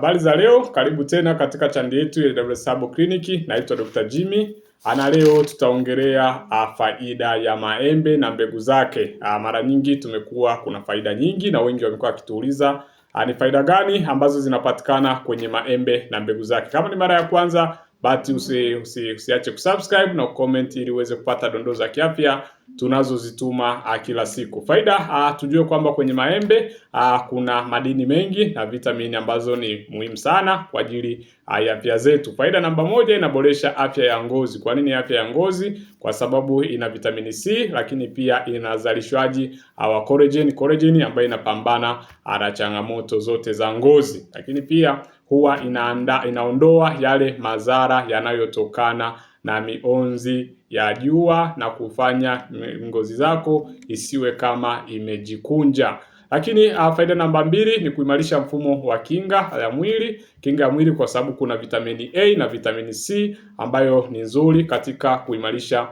Habari za leo, karibu tena katika chandi yetu ya W Sabo Clinic. Naitwa Dr. Jimmy ana leo tutaongelea ah, faida ya maembe na mbegu zake. A, ah, mara nyingi tumekuwa kuna faida nyingi na wengi wamekuwa wakituuliza ah, ni faida gani ambazo zinapatikana kwenye maembe na mbegu zake. Kama ni mara ya kwanza, basi usi, usi, usiache kusubscribe na kucomment ili uweze kupata dondoo za kiafya tunazozituma uh, kila siku. Faida uh, tujue kwamba kwenye maembe uh, kuna madini mengi na vitamini ambazo ni muhimu sana kwa ajili uh, ya afya zetu. Faida namba moja, inaboresha afya ya ngozi. Kwa nini afya ya ngozi? Kwa sababu ina vitamini C, lakini pia ina uzalishwaji uh, wa collagen, collagen ambayo inapambana na changamoto zote za ngozi, lakini pia huwa inaanda, inaondoa yale madhara yanayotokana na mionzi ya jua na kufanya ngozi zako isiwe kama imejikunja. Lakini uh, faida namba mbili ni kuimarisha mfumo wa kinga ya mwili, kinga ya mwili kwa sababu kuna vitamini A na vitamini C ambayo ni nzuri katika kuimarisha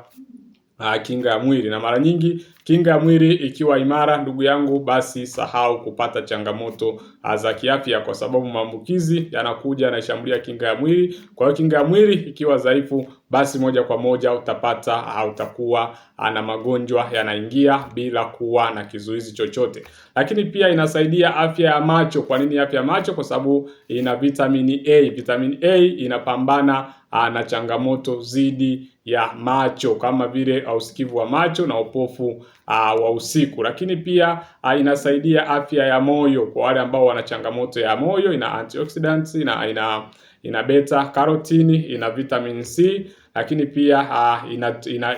uh, kinga ya mwili. Na mara nyingi kinga ya mwili ikiwa imara, ndugu yangu, basi sahau kupata changamoto ah, za kiafya, kwa sababu maambukizi yanakuja yanashambulia kinga ya mwili. Kwa hiyo kinga ya mwili ikiwa dhaifu basi moja kwa moja utapata ah, utakuwa ah, na magonjwa yanaingia bila kuwa na kizuizi chochote. Lakini pia inasaidia afya ya macho. Kwa nini afya ya macho? Kwa sababu ina vitamini A. Vitamini A inapambana ah, na changamoto zidi ya macho kama vile usikivu wa macho na upofu wa usiku. Lakini pia inasaidia afya ya moyo kwa wale ambao wana changamoto ya moyo, ina antioxidants na ina ina beta carotini, ina vitamin C, lakini pia uh, ah,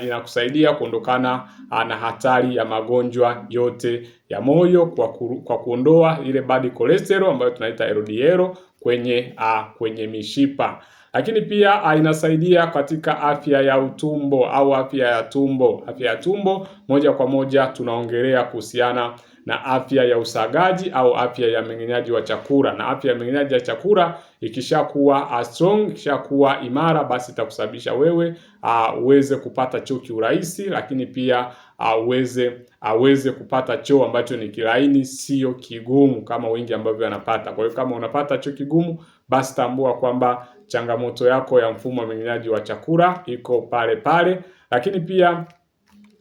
inakusaidia ina, ina kuondokana uh, na hatari ya magonjwa yote ya moyo kwa, kuru, kwa kuondoa ile bad cholesterol ambayo tunaita LDL kwenye uh, kwenye mishipa lakini pia uh, inasaidia katika afya ya utumbo au afya ya tumbo. Afya ya tumbo moja kwa moja tunaongelea kuhusiana na afya ya usagaji au afya ya mmeng'enyaji wa chakula. Na afya ya mmeng'enyaji wa chakula ikishakuwa uh, strong, ikishakuwa imara, basi itakusababisha wewe uh, uweze uh, kupata choo kiurahisi, lakini pia aweze uh, aweze kupata choo ambacho ni kilaini, sio kigumu kama wengi ambavyo wanapata. Kwa hiyo kama unapata choo kigumu, basi tambua kwamba changamoto yako ya mfumo wa mmeng'enyaji wa chakula iko pale pale, lakini pia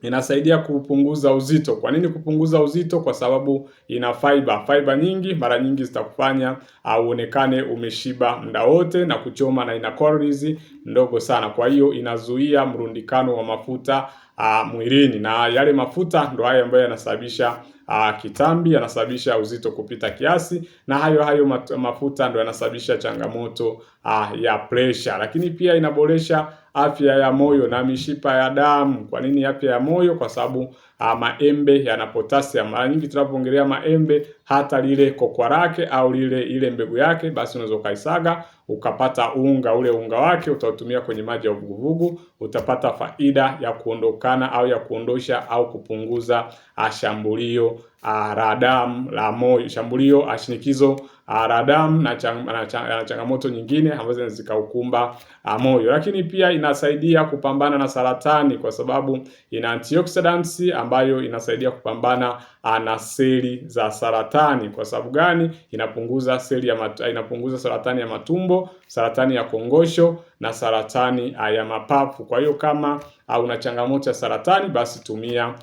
inasaidia kupunguza uzito. Kwa nini kupunguza uzito? Kwa sababu ina fiber. Fiber nyingi mara nyingi zitakufanya ah, uonekane umeshiba muda wote na kuchoma, na ina calories ndogo sana. Kwa hiyo inazuia mrundikano wa mafuta a, ah, mwilini, na yale mafuta ndo hayo ambayo yanasababisha ah, kitambi, yanasababisha uzito kupita kiasi, na hayo hayo mafuta ndo yanasababisha changamoto a, ya pressure, lakini pia inaboresha afya ya moyo na mishipa ya damu. Kwa nini afya ya moyo? Kwa sababu ah, maembe yana potassium. Mara nyingi tunapoongelea maembe, hata lile kokwa lake au lile ile mbegu yake, basi unaweza ukaisaga ukapata unga. Ule unga wake utautumia kwenye maji ya uvuguvugu, utapata faida ya kuondokana au ya kuondosha au kupunguza ah, shambulio Ah, la damu la moyo, shambulio la ah, shinikizo ah, la damu na, chang, na, chang, na changamoto nyingine ambazo zikaukumba moyo. Lakini pia inasaidia kupambana na saratani kwa sababu ina antioxidants ambayo inasaidia kupambana na seli za saratani. Kwa sababu gani? Inapunguza seli ya mat, inapunguza saratani ya matumbo, saratani ya kongosho na saratani ya mapafu. Kwa hiyo kama una changamoto ya saratani, basi tumia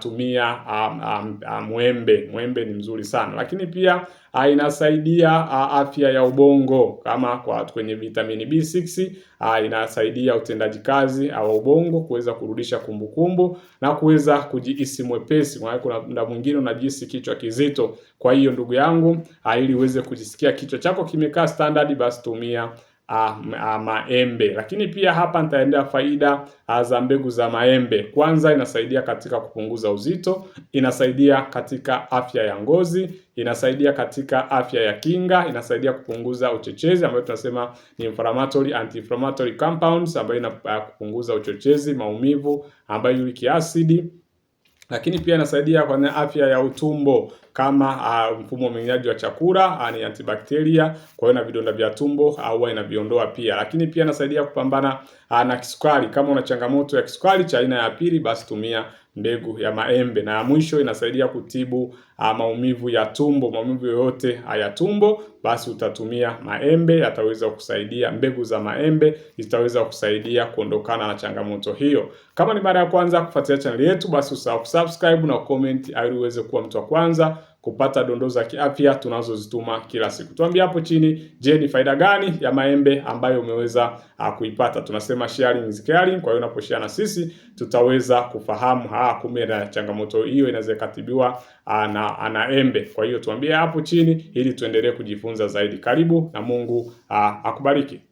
tumia mwembe. Mwembe ni mzuri sana, lakini pia inasaidia afya ya ubongo kama kwa kwenye vitamini B6 inasaidia utendaji kazi wa ubongo kuweza kurudisha kumbukumbu na kuweza kujihisi mwepesi. Kuna muda mwingine unajihisi kichwa kizito, kwa hiyo ndugu yangu, ili uweze kujisikia kichwa chako kimekaa standard, basi tumia a, a maembe. Lakini pia hapa nitaendea faida za mbegu za maembe. Kwanza, inasaidia katika kupunguza uzito, inasaidia katika afya ya ngozi, inasaidia katika afya ya kinga, inasaidia kupunguza uchochezi ambayo tunasema ni inflammatory anti-inflammatory compounds ambayo ina kupunguza uchochezi, maumivu ambayo uric acid lakini pia inasaidia kwenye afya ya utumbo kama uh, mfumo wa mmeng'enyaji wa chakula uh, ni antibakteria, kwa hiyo na vidonda vya tumbo au uh, inaviondoa pia, lakini pia nasaidia kupambana uh, na kisukari. Kama una changamoto ya kisukari cha aina ya pili, basi tumia mbegu ya maembe. Na ya mwisho inasaidia kutibu uh, maumivu ya tumbo, maumivu yoyote ya tumbo, basi utatumia maembe, yataweza kusaidia. Mbegu za maembe zitaweza kusaidia kuondokana na changamoto hiyo. Kama ni mara ya kwanza kufuatilia chaneli yetu, basi usahau kusubscribe na comment ili uweze kuwa mtu wa kwanza kupata dondoo za kiafya tunazozituma kila siku. Tuambie hapo chini, je, ni faida gani ya maembe ambayo umeweza uh, kuipata? Tunasema sharing is caring, kwa hiyo unaposhare na sisi tutaweza kufahamu ha ah, kumbe na changamoto hiyo inaweza ikatibiwa ah, na ana embe. Kwa hiyo tuambie hapo chini ili tuendelee kujifunza zaidi. Karibu na Mungu uh, akubariki.